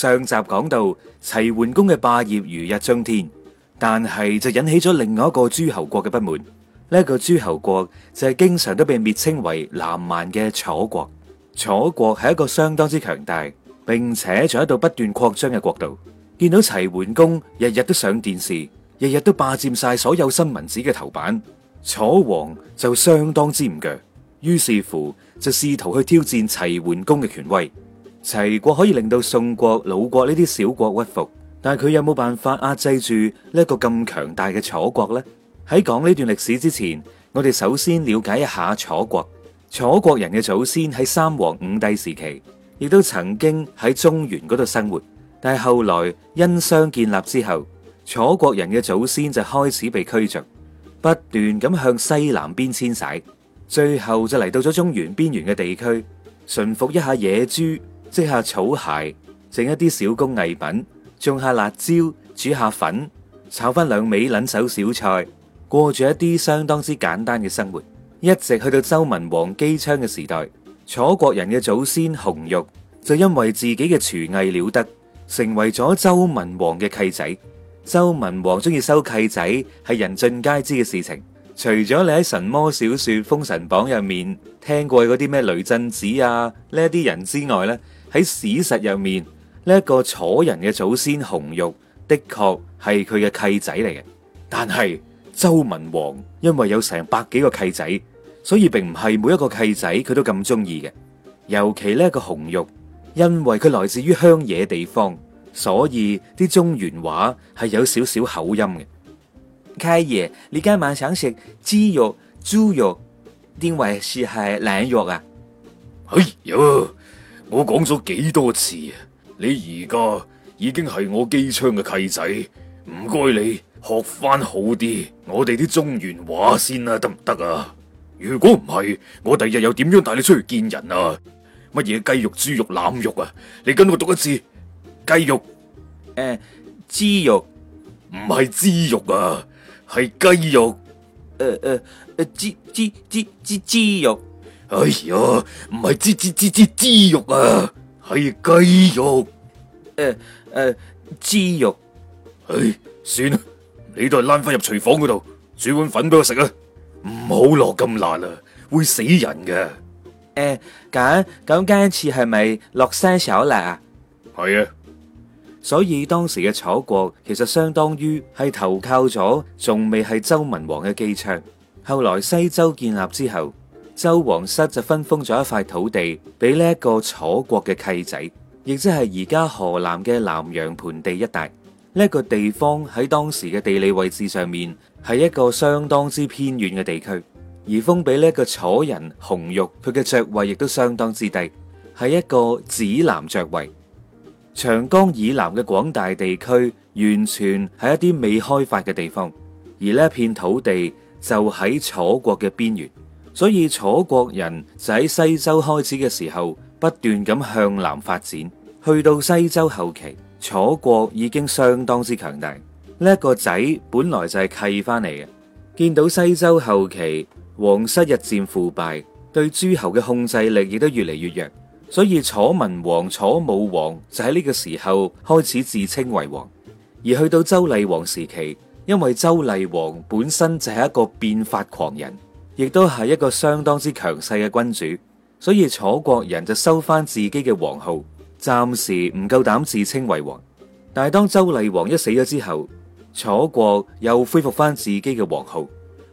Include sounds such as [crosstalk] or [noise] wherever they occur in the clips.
上集講到齊桓公嘅霸業如日中天，但係就引起咗另外一個諸侯國嘅不滿。呢一個諸侯國就係經常都被蔑稱為南蠻嘅楚國。楚國係一個相當之強大，並且仲喺度不斷擴張嘅國度。見到齊桓公日日都上電視，日日都霸佔晒所有新聞紙嘅頭版，楚王就相當之唔強，於是乎就試圖去挑戰齊桓公嘅權威。齊國可以令到宋國、魯國呢啲小國屈服，但係佢有冇辦法壓制住呢一個咁強大嘅楚國呢？喺講呢段歷史之前，我哋首先了解一下楚國。楚國人嘅祖先喺三皇五帝時期，亦都曾經喺中原嗰度生活，但係後來殷商建立之後，楚國人嘅祖先就開始被驅逐，不斷咁向西南邊遷徙，最後就嚟到咗中原邊緣嘅地區，馴服一下野豬。織下草鞋，整一啲小工藝品，種下辣椒，煮下粉，炒翻兩味撚手小菜，過住一啲相當之簡單嘅生活。一直去到周文王姬昌嘅時代，楚國人嘅祖先紅玉就因為自己嘅廚藝了得，成為咗周文王嘅契仔。周文王中意收契仔係人盡皆知嘅事情。除咗你喺神魔小說《封神榜》入面聽過嗰啲咩雷震子啊呢一啲人之外咧。喺史實入面，呢、這、一個楚人嘅祖先紅玉的確係佢嘅契仔嚟嘅。但係周文王因為有成百幾個契仔，所以並唔係每一個契仔佢都咁中意嘅。尤其呢一個紅玉，因為佢來自於鄉野地方，所以啲中原話係有少少口音嘅。契爺，你今晚想食枝肉、珠肉定還是係懶肉啊？嘿喲！我講咗幾多次啊！你而家已經係我機槍嘅契仔，唔該你學翻好啲，我哋啲中原話先啦，得唔得啊？如果唔係，我第日又點樣帶你出去見人啊？乜嘢雞肉、豬肉、腩肉啊？你跟我讀一次，雞肉，誒、呃，豬肉，唔係豬肉啊，係雞肉，誒誒誒，豬豬豬豬豬肉。哎呀，唔係豬豬豬豬豬肉啊，係雞肉。誒誒，豬肉。哎，算啦，你都係攋翻入廚房嗰度煮碗粉俾我食啊，唔好落咁辣啊，會死人嘅。誒，咁咁今次係咪落些少辣啦？係啊，所以當時嘅楚國其實相當於係投靠咗仲未係周文王嘅姬昌，後來西周建立之後。周王室就分封咗一塊土地俾呢一個楚國嘅契仔，亦即係而家河南嘅南陽盆地一帶，呢個地方喺當時嘅地理位置上面係一個相當之偏遠嘅地區，而封俾呢個楚人紅玉，佢嘅爵位亦都相當之低，係一個子男爵位。長江以南嘅廣大地區完全係一啲未開發嘅地方，而呢一片土地就喺楚國嘅邊緣。所以楚國人就喺西周開始嘅時候，不斷咁向南發展，去到西周後期，楚國已經相當之強大。呢個仔本來就係契翻嚟嘅，見到西周後期王室日漸腐敗，對諸侯嘅控制力亦都越嚟越弱，所以楚文王、楚武王就喺呢個時候開始自稱為王。而去到周厲王時期，因為周厲王本身就係一個變法狂人。亦都係一個相當之強勢嘅君主，所以楚國人就收翻自己嘅王號，暫時唔夠膽自稱為王。但係當周厲王一死咗之後，楚國又恢復翻自己嘅王號。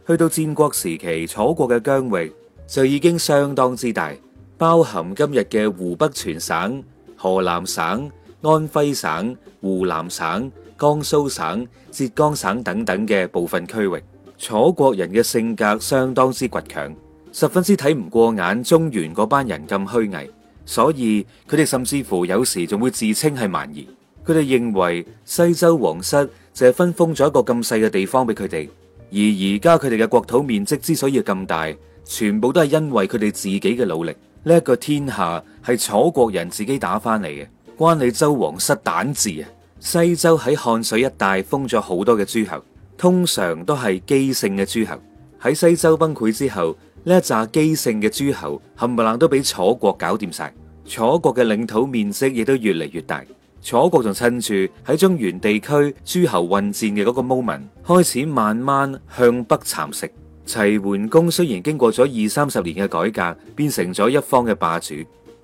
去到戰國時期，楚國嘅疆域就已經相當之大，包含今日嘅湖北全省、河南省、安徽省、湖南省、江蘇省、浙江省等等嘅部分區域。楚國人嘅性格相當之倔強，十分之睇唔過眼中原嗰班人咁虛偽，所以佢哋甚至乎有時仲會自稱係蠻夷。佢哋認為西周皇室就係分封咗一個咁細嘅地方俾佢哋，而而家佢哋嘅國土面積之所以咁大，全部都係因為佢哋自己嘅努力。呢、這、一個天下係楚國人自己打翻嚟嘅，關你周王室膽字？啊！西周喺漢水一帶封咗好多嘅諸侯。通常都係姬姓嘅諸侯喺西周崩潰之後，呢一紮姬姓嘅諸侯冚唪唥都俾楚國搞掂晒。楚國嘅領土面積亦都越嚟越大。楚國仲趁住喺中原地區諸侯混戰嘅嗰個 moment 開始慢慢向北蠶食。齊桓公雖然經過咗二三十年嘅改革，變成咗一方嘅霸主，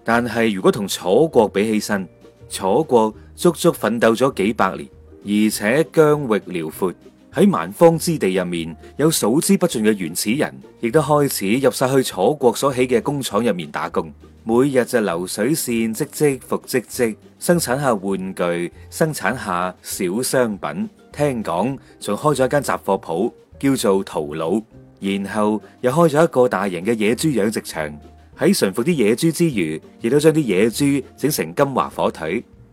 但係如果同楚國比起身，楚國足足奮鬥咗幾百年，而且疆域遼闊。喺蠻荒之地入面，有數之不盡嘅原始人，亦都開始入晒去楚國所起嘅工廠入面打工，每日就流水線，唧唧復唧唧，生產下玩具，生產下小商品。聽講仲開咗一間雜貨鋪，叫做陶佬，然後又開咗一個大型嘅野豬養殖場。喺馴服啲野豬之餘，亦都將啲野豬整成金華火腿。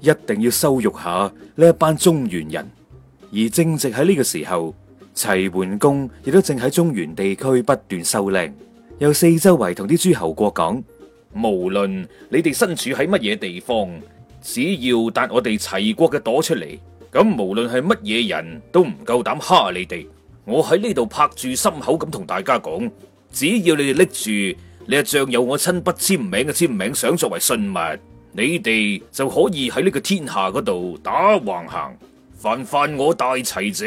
一定要收辱下呢一班中原人，而正直喺呢個時候，齊桓公亦都正喺中原地區不斷受令，又四周圍同啲諸侯國講，無論你哋身處喺乜嘢地方，只要達我哋齊國嘅朵出嚟，咁無論係乜嘢人都唔夠膽蝦你哋。我喺呢度拍住心口咁同大家講，只要你哋拎住你一張有我親筆簽名嘅簽名，想作為信物。你哋就可以喺呢個天下嗰度打橫行，凡犯我大齊者，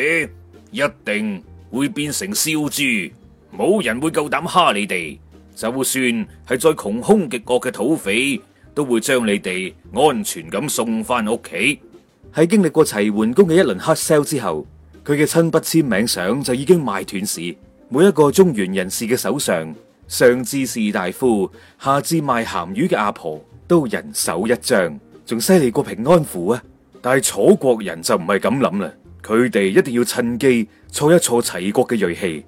一定會變成燒豬，冇人會夠膽蝦你哋。就算係再窮凶極惡嘅土匪，都會將你哋安全咁送翻屋企。喺經歷過齊桓公嘅一輪黑 sell 之後，佢嘅親筆簽名相就已經賣斷市，每一個中原人士嘅手上，上至士大夫，下至賣鹹魚嘅阿婆。都人手一張，仲犀利過平安符啊！但係楚國人就唔係咁諗啦，佢哋一定要趁機挫一挫齊國嘅銳氣。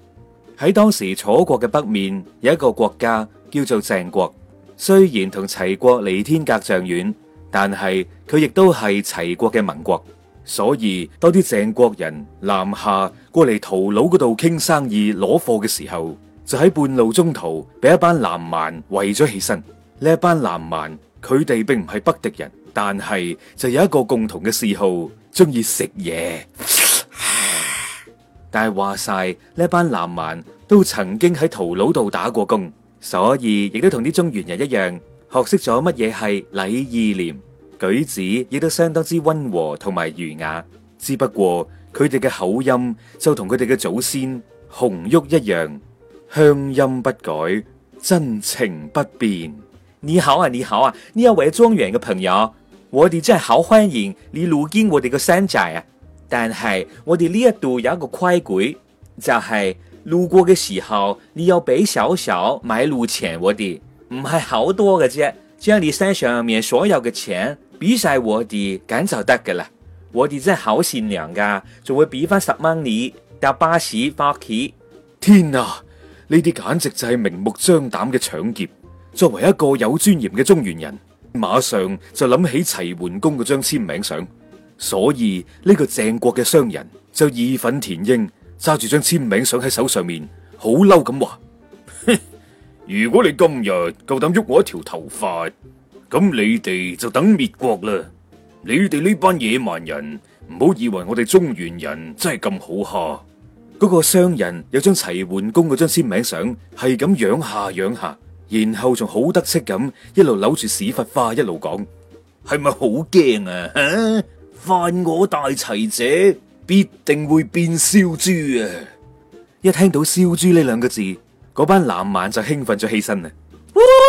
喺當時楚國嘅北面有一個國家叫做鄭國，雖然同齊國離天隔丈遠，但係佢亦都係齊國嘅盟國，所以當啲鄭國人南下過嚟陶魯嗰度傾生意攞貨嘅時候，就喺半路中途俾一班南蠻圍咗起身。呢一班南蠻，佢哋並唔係北狄人，但係就有一個共同嘅嗜好，中意食嘢。 [laughs] 但係話晒，呢班南蠻都曾經喺屠佬度打過工，所以亦都同啲中原人一樣學識咗乜嘢係禮義廉恥，舉止亦都相當之溫和同埋儒雅。只不過佢哋嘅口音就同佢哋嘅祖先紅玉一樣，鄉音不改，真情不變。你好啊，你好啊，呢一位莊園嘅朋友，我哋真係好歡迎你路經我哋嘅山寨啊！但係我哋呢一度有一個規矩，就係路過嘅時候你要俾少少買路錢我哋，唔係好多嘅啫，將你身上面所有嘅錢俾晒我哋咁就得噶啦。我哋真係好善良噶，仲會俾翻十蚊你搭巴士翻屋企。天啊，呢啲簡直就係明目張膽嘅搶劫！作為一個有尊嚴嘅中原人，馬上就諗起齊桓公嗰張簽名相，所以呢、這個鄭國嘅商人就義憤填膺，揸住張簽名相喺手上面，好嬲咁話： [laughs] 如果你今日夠膽喐我一條頭髮，咁你哋就等滅國啦！你哋呢班野蠻人唔好以為我哋中原人真係咁好蝦。嗰個商人有張齊桓公嗰張簽名相，係咁仰下仰下。然後仲好得戚咁，一路扭住屎忽花，一路講係咪好驚啊？犯我大齊者必定會變燒豬啊！一聽到燒豬呢兩個字，嗰班南蠻就興奮咗起身啦。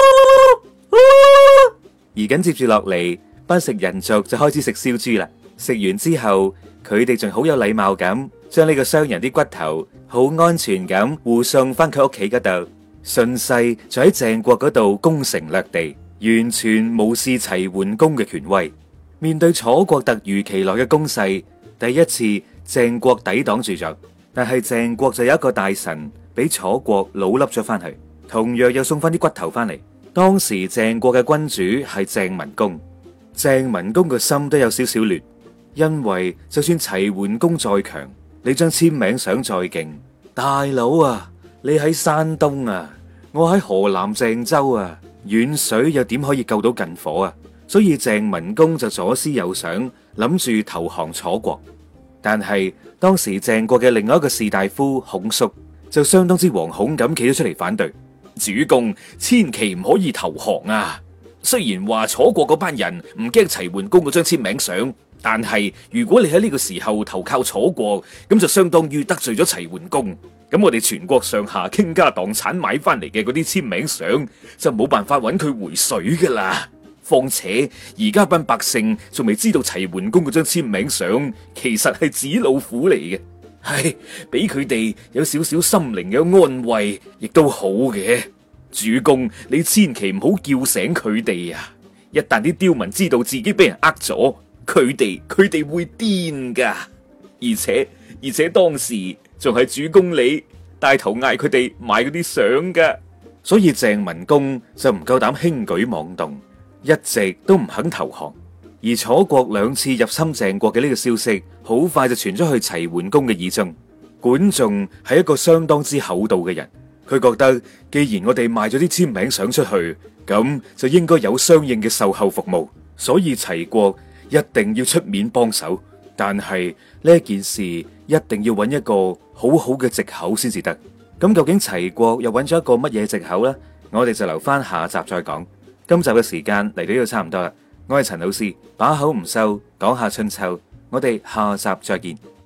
[laughs] [laughs] 而緊接住落嚟，班食人族就開始食燒豬啦。食完之後，佢哋仲好有禮貌咁，將呢個商人啲骨頭好安全咁護送翻佢屋企嗰度。順勢就喺鄭國嗰度攻城掠地，完全無視齊桓公嘅權威。面對楚國突如其來嘅攻勢，第一次鄭國抵擋住咗，但係鄭國就有一個大臣俾楚國老笠咗翻去，同樣又送翻啲骨頭翻嚟。當時鄭國嘅君主係鄭文公，鄭文公個心都有少少亂，因為就算齊桓公再強，你張簽名相再勁，大佬啊，你喺山東啊！我喺河南鄭州啊，遠水又點可以救到近火啊？所以鄭文公就左思右想，諗住投降楚國。但係當時鄭國嘅另外一個士大夫孔叔就相當之惶恐咁企咗出嚟反對，主公千祈唔可以投降啊！雖然話楚國嗰班人唔驚齊桓公嗰張簽名相，但係如果你喺呢個時候投靠楚國，咁就相當於得罪咗齊桓公。咁我哋全國上下傾家蕩產買翻嚟嘅嗰啲簽名相就冇辦法揾佢回水噶啦。況且而家班百姓仲未知道齊桓公嗰張簽名相其實係紙老虎嚟嘅，唉，俾佢哋有少少心靈嘅安慰，亦都好嘅。主公，你千祈唔好叫醒佢哋啊！一旦啲刁民知道自己俾人呃咗，佢哋佢哋會癲噶。而且而且當時。仲係主公你帶頭嗌佢哋買嗰啲相㗎，所以鄭文公就唔夠膽輕舉妄動，一直都唔肯投降。而楚國兩次入侵鄭國嘅呢個消息，好快就傳咗去齊桓公嘅耳中。管仲係一個相當之厚道嘅人，佢覺得既然我哋賣咗啲簽名相出去，咁就應該有相應嘅售後服務，所以齊國一定要出面幫手。但係呢件事一定要搵一個好好嘅藉口，先至得。咁究竟齊國又揾咗一個乜嘢藉口呢？我哋就留翻下集再講。今集嘅時間嚟到呢度差唔多啦。我係陳老師，把口唔收，講下春秋。我哋下集再見。